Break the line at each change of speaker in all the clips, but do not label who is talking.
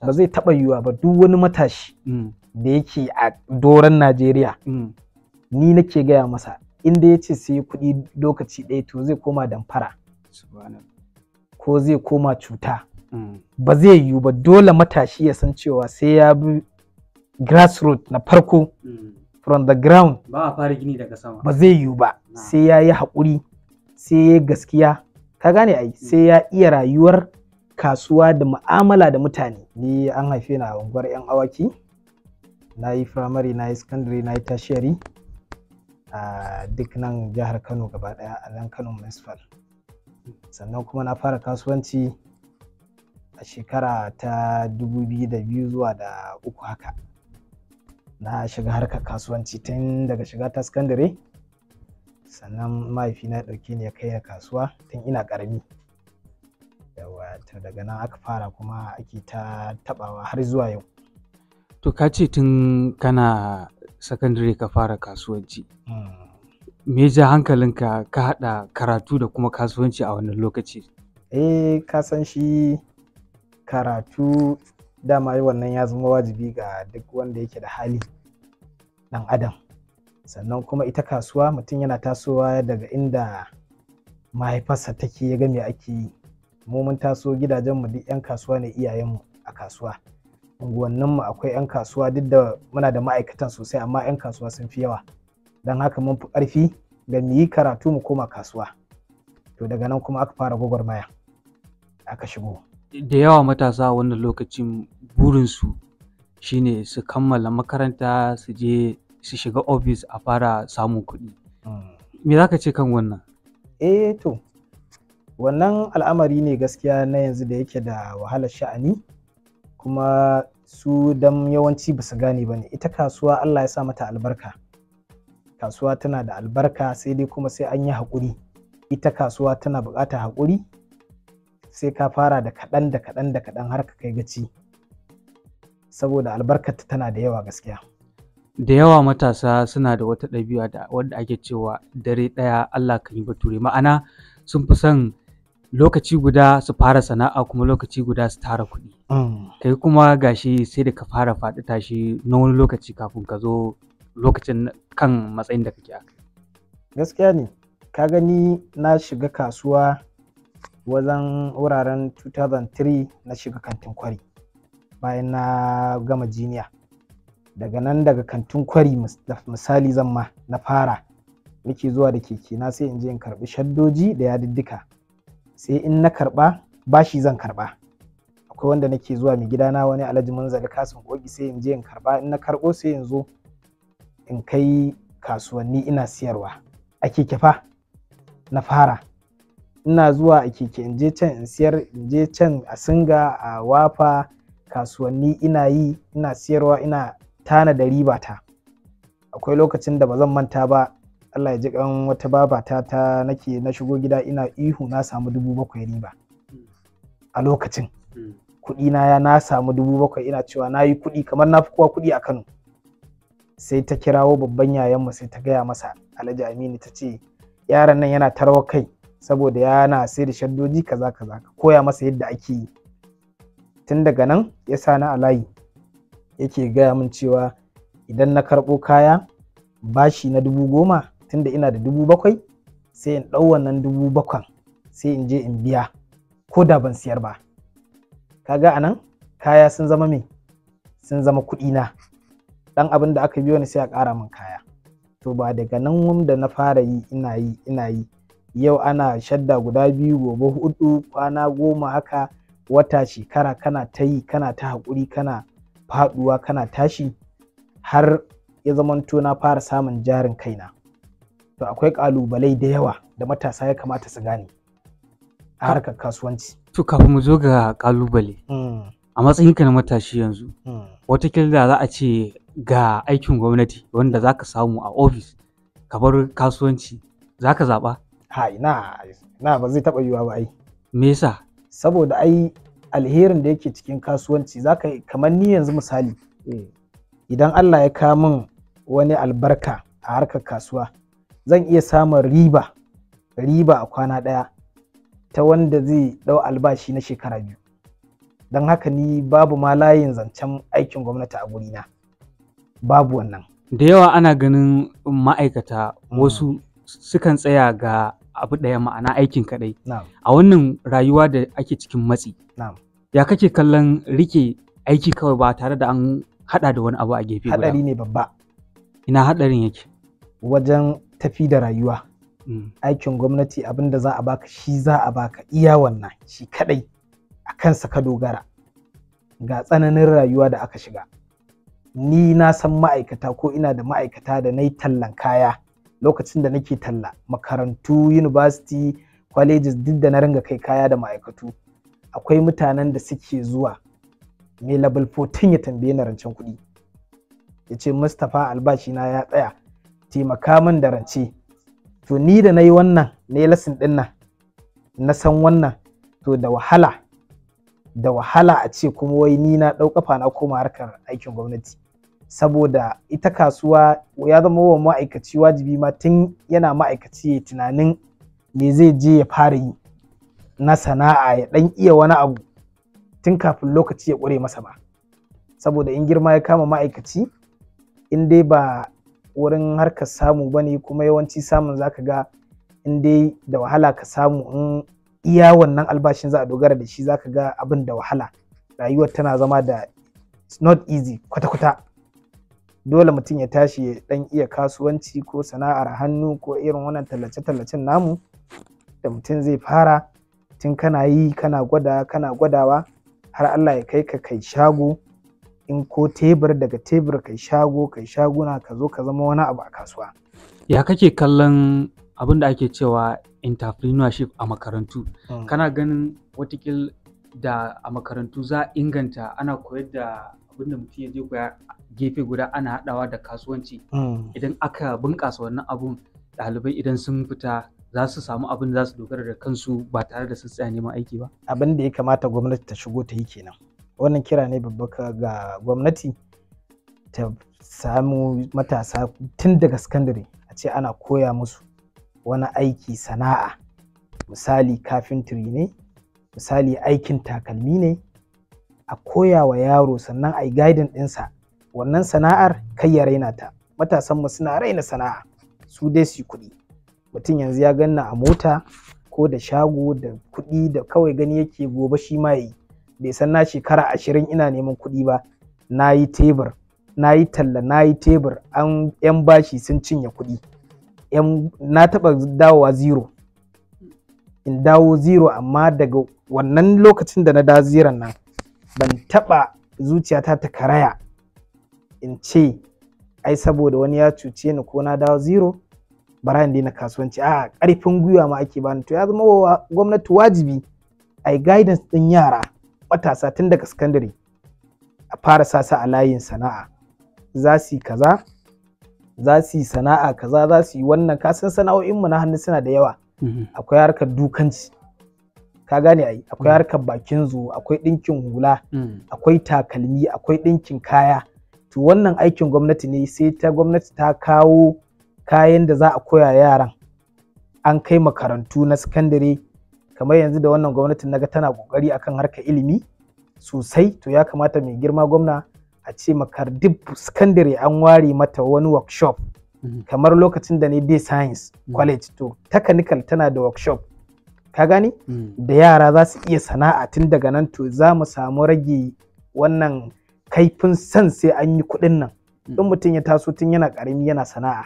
ba zai taɓa yiwuwa ba duk wani matashi mm. da yake a doron Najeriya mm. ni nake gaya masa inda ya ce sai kuɗi lokaci ɗaya to zai koma damfara ko zai koma cuta mm. ba zai yiwu ba dole matashi ya san cewa sai ya bi grassroots na farko from the ground
ba a fara gini daga sama ba zai
yiwu ba sai ya yi haƙuri sai ya gaskiya ka gane ai sai ya iya rayuwar kasuwa da mu'amala da mutane ni an haife na unguwar yan awaki na yi firamare na yi secondary na yi tashiyari a duk nan jihar kano gaba daya a nan kano municipal sannan kuma na fara kasuwanci a shekara ta 2002 zuwa da uku haka na shiga harkar kasuwanci tun daga shiga ta sakandare sannan mahaifina ya ɗauke ni ya kai kasuwa tun ina karami yawa daga nan aka fara kuma ake ta tabawa har zuwa yau
to ka ce tun kana sakandare ka fara kasuwanci hmm. me ja hankalinka ka haɗa karatu da kuma kasuwanci a wannan lokaci
eh ka san shi karatu dama wannan ya zama wajibi ga duk wanda yake da hali ɗan adam sannan kuma ita kasuwa mutum yana tasowa daga inda mahaifarsa take ya ga me ake yi mu mun taso gidajenmu duk 'yan kasuwa ne iyayenmu a kasuwa unguwanninmu akwai 'yan kasuwa duk da muna da ma'aikatan sosai amma 'yan kasuwa sun fi yawa don haka mun fi ƙarfi da mu yi karatu mu koma kasuwa to daga nan kuma aka fara gwagwarmaya aka shigo da
yawa matasa a wannan lokacin burinsu shine su kammala makaranta su je su shiga ofis a fara samun kuɗi mm. me za ka ce kan wannan
eh to wannan al'amari ne gaskiya na yanzu da yake da wahalar sha'ani kuma su dan yawanci ba su gane ba ne ita kasuwa Allah ya sa mata albarka kasuwa tana da albarka sai dai kuma sai an yi haƙuri ita kasuwa tana buƙatar haƙuri sai ka fara da kaɗan da kaɗan da kaɗan har ka kai gaci saboda albarkata tana da yawa gaskiya
da yawa matasa suna da wata ɗabi'a da wadda ake cewa dare ɗaya Allah kan yi bature ma'ana sun fi son lokaci guda su fara sana'a kuma lokaci guda su tara kuɗi mm. kai kuma gashi sai da ka fara faɗi tashi na wani lokaci kafin ka zo lokacin kan matsayin da kake
aka. gaskiya ne ka gani na shiga kasuwa wajen wuraren 2003 na shiga kantin kwari bayan na gama jiniya daga nan daga kantin kwari misali zan ma na fara nake zuwa da keke na sai in je in karɓi shaddoji da yadiddika sai in na karɓa bashi zan karɓa akwai wanda nake zuwa mai gidana wani alhaji manzali kasin kogi sai in je in karɓa in na karɓo sai in zo in kai kasuwanni ina siyarwa a keke fa na fara ina zuwa a keke in je can in siyar in je can a singa a wafa kasuwanni ina yi ina siyarwa ina tana da ribata akwai lokacin da ba zan manta ba Allah ya ji kan wata babata ta nake na shigo gida ina ihu na samu dubu bakwai riba a lokacin kuɗi na ya na samu dubu bakwai ina cewa na yi kuɗi kamar na fi kowa kuɗi a Kano sai ta kirawo babban yayan mu sai ta gaya masa Alhaji Aminu ta ce yaron nan yana tarwa kai saboda yana sai da shaddoji kaza kaza koya masa yadda ake yi tun daga nan ya sa na alayi yake gaya min cewa idan na karɓo kaya bashi na dubu goma tunda ina da dubu bakwai sai in ɗau wannan dubu bakwan sai in je in biya ko da ban siyar ba kaga anan kaya sun zama me sun zama kuɗi na dan abin da aka biyo ni sai a ƙara min kaya to ba daga nan wanda na fara yi ina yi ina yi yau ana shadda guda biyu gobe hudu kwana goma haka wata shekara kana ta yi kana ta haƙuri kana faɗuwa kana tashi har ya zamanto na fara samun jarin kaina to akwai ƙalubale da yawa da matasa ya kamata su gane a harkar kasuwanci.
To kafin mu zo ga ƙalubale hmm. a matsayinka na matashi yanzu hmm. watakila da za a ce ga aikin gwamnati wanda za ka samu a ofis ka bar kasuwanci za ka zaɓa?
Hai, ina na ba zai taɓa yiwuwa ba ai. Me yasa? Saboda ai alherin da yake cikin kasuwanci za ka kamar ni yanzu misali eh. idan Allah ya kawo min wani albarka a harkar kasuwa zan iya samun riba riba a kwana ɗaya ta wanda zai ɗau albashi na shekara biyu don haka ni babu ma layin zancen aikin gwamnati a na babu wannan
da yawa ana ganin ma'aikata mm. wasu sukan tsaya ga abu ɗaya ma'ana aikin kaɗai a wannan rayuwa da ake cikin matsi ya kake kallon rike aiki kawai ba tare da an haɗa da wani abu a gefe guda ne babba ina haɗarin yake
wajen tafi da rayuwa mm. aikin gwamnati abin da za a baka shi za a baka iya wannan shi kadai a kansa ka dogara ga tsananin rayuwa da aka shiga ni na san ma'aikata ko ina da ma'aikata da na yi tallan kaya lokacin da nake talla makarantu university colleges duk da na ringa kai kaya da ma'aikatu akwai mutanen da suke zuwa mai level 14 ya tambaye na rancen kuɗi ya ce mustapha albashi na ya tsaya taimaka min da rance to ni da na yi wannan na yi din nan na san wannan to da wahala da wahala a ce kuma wai ni na ɗaukafa na koma harkar aikin gwamnati saboda ita kasuwa ya zama wa ma'aikaci wajibi ma tun yana ma'aikaci ya tunanin me zai je ya fara yi na sana'a ya ɗan iya wani abu tun kafin lokaci ya ƙure masa ba saboda in girma ya kama ma'aikaci in dai ba wurin harka samu bane kuma yawanci samun zaka ga in dai da wahala ka samu in iya wannan albashin za a dogara da shi zaka ga abin da wahala rayuwar tana zama da it's not easy kwata-kwata dole mutum ya tashi ya dan iya kasuwanci ko sana'ar hannu ko irin wannan tallace-tallacen namu da mutum zai fara tun kana yi kana gwada kana gwadawa har Allah ya kai ka kai shago in ko tebur daga tebur kai shago kai shaguna ka zo ka zama wani abu a kasuwa
ya kake kallon abin da ake cewa entrepreneurship a makarantu hmm. kana ganin watakil da a makarantu za inganta ana koyar da abin da mutum ya je koya gefe guda ana haɗawa da kasuwanci hmm. idan aka bunƙasa wannan abun ɗalibai idan sun fita za su samu abin za su dogara da kansu ba tare da sun tsaya neman aiki ba
abin da ya kamata gwamnati ta shigo ta yi kenan wannan kira ne babba ga gwamnati ta samu matasa tun daga sakandare a ce ana koya musu wani aiki sana'a misali kafintiri ne misali aikin takalmi ne a koya wa yaro sannan a yi gaidin ɗinsa wannan sana'ar kai ya raina ta matasan matasanmu suna raina sana'a su dai su kuɗi mutum yanzu ya ganna a mota ko da shago da kuɗi da kawai gani yake gobe shi ma yi bai san na shekara ashirin ina neman kuɗi ba na yi tebur na yi talla na yi tebur an yan bashi sun cinye kuɗi na taɓa dawowa zero in dawo zero amma daga wannan lokacin da na da ziran nan ban taɓa zuciyata ta karaya in ce ai saboda wani ya cuce ni ko na dawo zero bara in daina kasuwanci a ƙarfin gwiwa ma ake bani to ya zama wa gwamnati wajibi ai guidance din yara matasa tun daga sakandare a fara sasa a layin sana'a za su yi kaza za su yi sana'a kaza za su yi wannan kasan sana'o'inmu na hannu suna da yawa mm-hmm. akwai harkar dukanci ka gane ai akwai mm. harkar bakin zo akwai ɗinkin hula mm. akwai takalmi akwai ɗinkin kaya to wannan aikin gwamnati ne sai ta gwamnati ta kawo kayan da za a koya yaran an kai makarantu na sakandare kamar yanzu da wannan gwamnatin naga tana kokari akan harkar ilimi sosai to ya kamata mai girma gwamna a ce makar duk secondary an ware mata wani workshop mhm. kamar lokacin da ne day science mhm. college to technical tana da workshop ka gani mhm. da yara za su iya sana'a tun daga nan to za mu samu rage wannan kaifin san sai an yi kuɗin nan in mutum ya taso tun yana ƙarami yana sana'a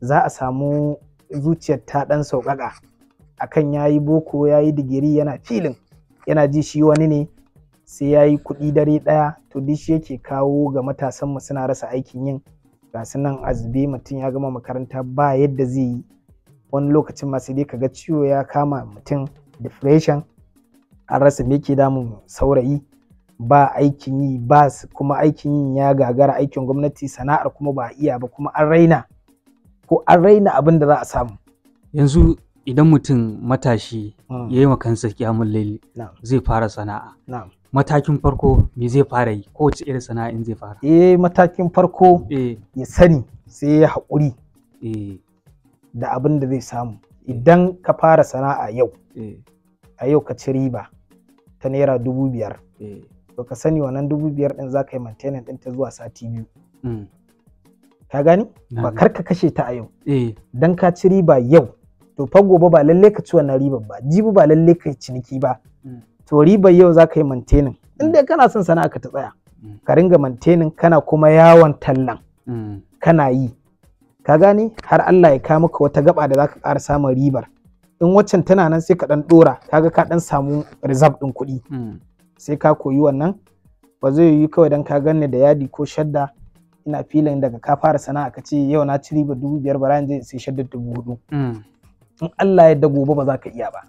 za a samu zuciyar ta ɗan sauƙaƙa akan yayi boko yayi digiri yana filin yana ji shi wani ne sai yayi kuɗi dare ɗaya to duk shi yake kawo ga matasan mu suna rasa aikin yin ga nan azube mutum ya gama makaranta ba yadda zai yi wani lokacin ma sai dai kaga ciwo ya kama mutum depression an rasa me ke damun saurayi ba aikin yi ba kuma aikin yin ya gagara aikin gwamnati sana'ar kuma ba a iya ba kuma an raina ko an raina abin da za a samu
yanzu idan mutum matashi hmm. ya yi kansa kiyamun laili zai fara sana'a matakin farko me zai fara yi
kowace irin sana'a in zai fara eh matakin farko eh. ya sani sai ya haƙuri eh. da abin da zai samu idan ka fara sana'a yau eh. a yau ka ci riba ta naira dubu biyar to ka sani wannan dubu biyar din za ka yi maintenance ta zuwa sati biyu hmm. ka gani ba kar ka kashe ta a yau dan ka ci riba yau to fa gobe ba lalle ka ci wannan ribar ba jibi ba lalle ka ciniki ba mm. to ribar yau za ka yi maintaining in mm. dai kana son sana'a ka ta tsaya mm. ka ringa maintaining kana kuma yawon tallan kana yi ka gane har Allah ya kawo maka wata gaba da za ka ƙara samun ribar in waccan tana nan sai ka ɗan ɗora ga ka ɗan samu reserve ɗin kuɗi sai ka koyi wannan ba zai yi kawai dan ka ganni da yadi ko shadda ina filin daga ka fara sana'a ka ce yau na ci riba dubu biyar bara ran je sai shadda dubu hudu in Allah ya gobe ba za ka iya ba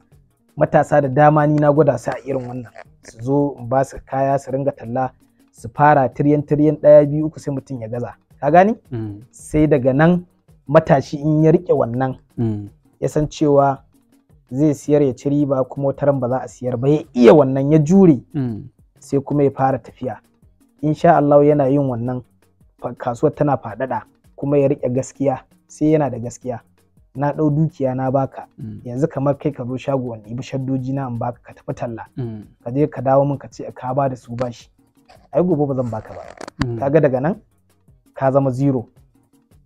matasa da dama ni na gwada su a irin wannan su zo in ba su kaya su ringa talla su fara tiryan tiryan ɗaya biyu uku sai mutum ya gaza ka gani mm. sai daga nan matashi in ya rike wannan mm. ya san cewa zai siyar ya ci riba kuma wataran ba za a siyar ba ya iya wannan ya jure mm. sai kuma ya fara tafiya insha Allah yana yin wannan kasuwar tana faɗaɗa kuma ya rike gaskiya sai yana da gaskiya na ɗau dukiya na baka mm. yanzu kamar kai ka zo shago in ibi shaddoji na in baka ka tafi talla mm. ka je ka dawo min ka ce ka ba da su bashi ai gobe ba zan baka ba mm. Ka ga daga nan ka zama zero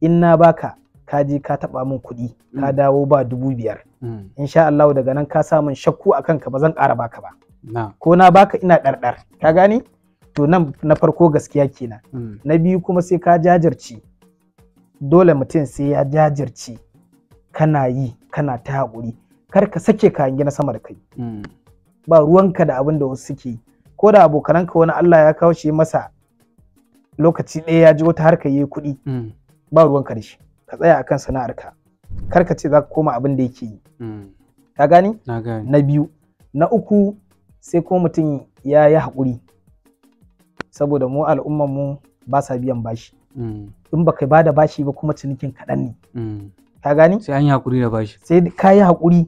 in na baka ka je ka taba min kuɗi ka dawo ba dubu biyar In sha Allah daga nan ka samun shakku a kanka ba zan ƙara baka
ba
ko na baka ina ɗarɗar ka gani to nan na farko gaskiya kenan na biyu kuma sai ka jajirce dole mutum sai ya jajirce kana yi kana ta haƙuri kar ka sake ka hangi na sama da kai hmm. ba ruwanka da abin da wasu suke yi ko da abokananka wani Allah ya kawo shi masa lokaci ɗaya ya ji wata harka yi kuɗi hmm. ba ruwanka da shi ka tsaya akan sana'arka kar ka ce za ka koma abin da yake yi hmm. ka gani na biyu na uku sai ko mutum ya yi haƙuri saboda mu al'ummar mu ba sa biyan bashi in baka ba da bashi ba kuma cinikin kaɗan ne ka gani sai an yi hakuri da bashi sai ka yi hakuri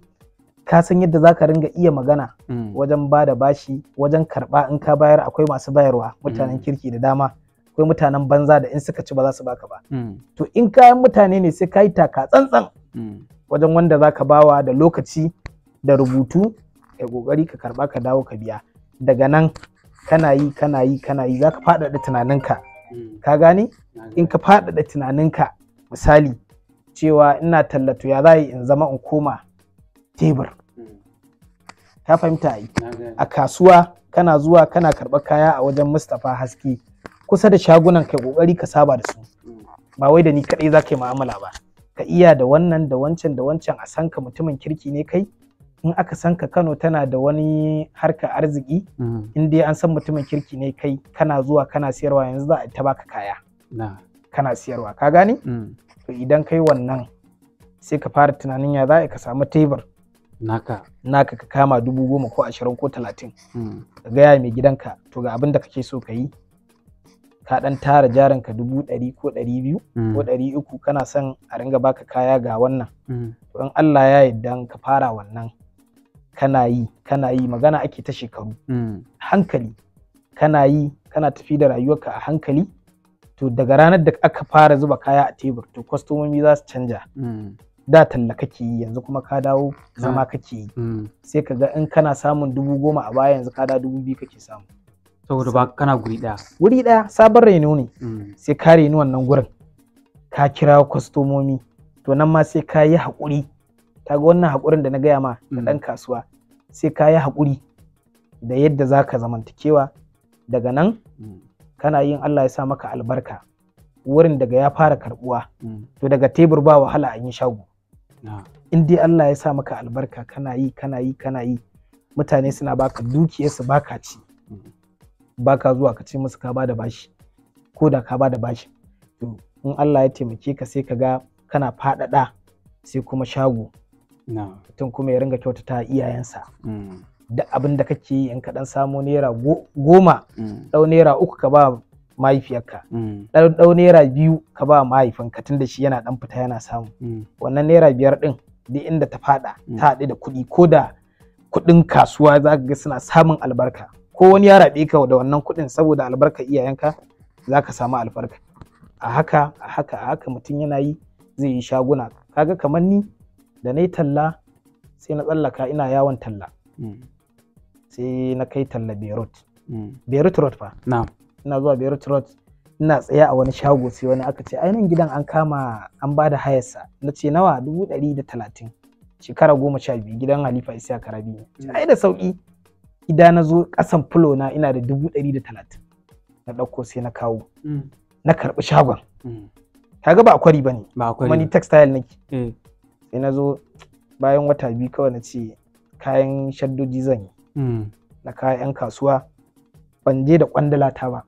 ka san yadda za ka ringa iya magana mm. wajen ba da bashi wajen karba in ka bayar akwai masu bayarwa mutanen mm. kirki da dama akwai mutanen banza da in suka ci ba za su baka ba mm. to in kayan mutane ne sai ka yi taka tsantsan wajen wanda za ka bawa da lokaci da rubutu ka kokari ka karba ka dawo ka biya daga nan kana yi kana yi kana yi za ka faɗaɗa tunaninka ka gane in ka faɗaɗa tunaninka misali cewa ina tallato ya za in zama in koma tebur ta fahimta yi a kasuwa kana zuwa kana karba kaya a wajen mustapha haske kusa da shagunan kai kokari ka saba da su ba wai da ni kaɗai za ka yi mu'amala ba ka iya da wannan da wancan da wancan a san ka mutumin kirki ne kai in aka san ka kano tana da wani harka arziki mm. in dai an san mutumin kirki ne kai kana zuwa kana siyarwa yanzu za a ta baka kaya kana siyarwa ka gane mm. To idan kai wannan sai ka fara tunanin ya za ka samu tebur naka naka ka kama dubu goma ko ashirin ko talatin hmm. ka gaya mai gidanka to ga abin da kake so ka yi ka dan tara jarin ka dubu ɗari ko ɗari biyu hmm. ko ɗari uku kana son a ringa baka kaya ga wannan hmm. to in Allah ya yarda ka fara wannan kana yi kana yi magana ake ta shekaru hankali kana yi kana tafi da rayuwarka a hankali to daga ranar da aka fara zuba kaya a tebur to kwastomomi za su canja mm. da talla kake yi yanzu kuma ka dawo ah. zama kake yi mm. sai ka ga in kana samun dubu goma a baya yanzu ka da dubu biyu kake samu saboda ba kana guri daya guri daya sabon reno ne mm. sai ka reni wannan gurin ka kira kwastomomi to nan ma sai ka yi haƙuri ta ga wannan hakurin da na gaya ma da ɗan kasuwa sai ka yi haƙuri da yadda za ka zamantakewa daga nan kana yin Allah ya sa maka albarka wurin daga ya fara karbuwa mm. to daga tebur ba wahala a yi shago in dai Allah ya sa maka albarka kana yi kana yi kana yi mutane suna baka su baka ci mm. baka zuwa ka ce musu ka bada bashi ko da ka bada bashi to in Allah ya taimake ka sai ka ga kana faɗaɗa sai kuma shago tun kuma ya ringa kyautata iyayensa mm. da abin da kake yi in ka dan samo naira goma dau mm. naira uku ka ba mahaifiyarka dau mm. naira biyu ka ba mahaifinka da shi yana dan fita yana samu mm. wannan naira biyar din duk inda ta fada ta haɗu da kuɗi ko da kuɗin kasuwa za ga suna samun albarka ko wani ya raɓe ka da wannan kuɗin saboda albarka iyayenka za ka samu albarka a haka a haka a haka mutum yana yi zai yi shaguna kaga kamar ni da na yi talla sai na tsallaka ina yawon talla sai na kai talla Beirut mm. Beirut Road fa ina zuwa Beirut Road ina tsaya a wani shago sai wani aka ce ainihin gidan an kama an bada da hayarsa na ce nawa dubu ɗari da talatin shekara goma sha biyu gidan Halifa Isa Karabi mm. ai da sauƙi. ida na zo ƙasan fulo na ina da dubu ɗari da talatin na ɗauko sai na kawo mm. na karɓi shagon kaga ba akwari bane ba akwari mani textile nake eh. sai na zo bayan wata biyu kawai na ce kayan shaddoji zan yi na kaya yan kasuwa ban je da kwandala ta ba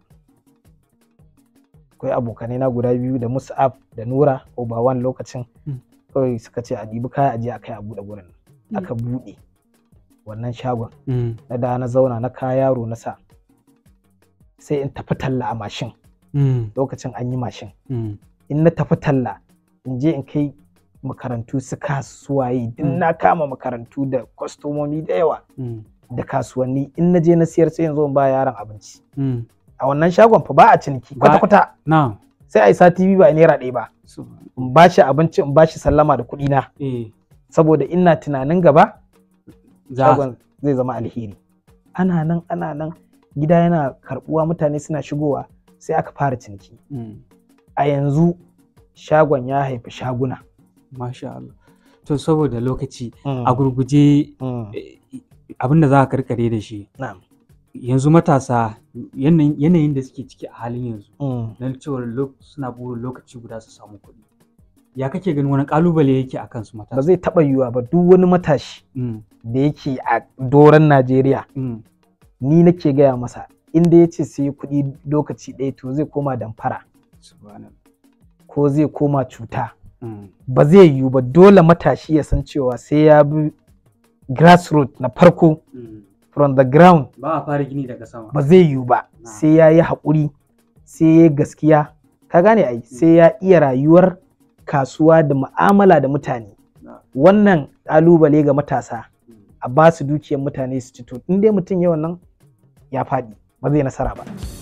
akwai abokanai na guda biyu da musa'ab da nura obawan lokacin mm. kawai suka ce a dibi kaya aje akai a bude buɗe gurin mm. aka buɗe wannan shagon mm. na da na zauna na kaya yaro na sa sai in tafi talla a mashin lokacin an yi mashin in na tafi talla in je in kai makarantu su kasuwaye din na kama makarantu da kwastomomi da yawa da kasuwanni in na je na siyar sai yanzu ba yaron abinci hmm. a wannan shagon fa ba a ciniki kwata kwata sai a yi sati biyu ba naira ɗaya ba in ba shi abinci in ba shi sallama da kuɗi na eh. saboda ina tunanin gaba shagon zai zama alheri ana nan ana nan gida yana karbuwa mutane suna shigowa sai aka fara ciniki hmm. a yanzu shagon ya haifi shaguna Masha Allah. to saboda lokaci
mm. a gurguje mm. eh, Abinda za ka karkare da shi yanzu matasa yanayin da suke ciki a halin yanzu mm. na cewar suna burin lokaci guda su samu kuɗi ya kake ganin
wani kalubale yake a kansu matasa ba zai taɓa yiwuwa ba duk wani matashi da yake a doron najeriya ni nake gaya masa inda ya ce sai kuɗi lokaci ɗaya to zai koma damfara ko zai koma cuta ba zai yiwu ba dole matashi ya san cewa sai ya bi grassroots na farko from the ground
ba a fara gini daga sama ba zai
yiwu ba sai ya yi haƙuri sai ya gaskiya ka gane ai hmm. sai ya iya rayuwar kasuwa da mu'amala da mutane wannan ƙalubale ga matasa hmm. a ba su dukiyar mutane su ci to in dai mutum yawan nan ya faɗi ba zai nasara ba.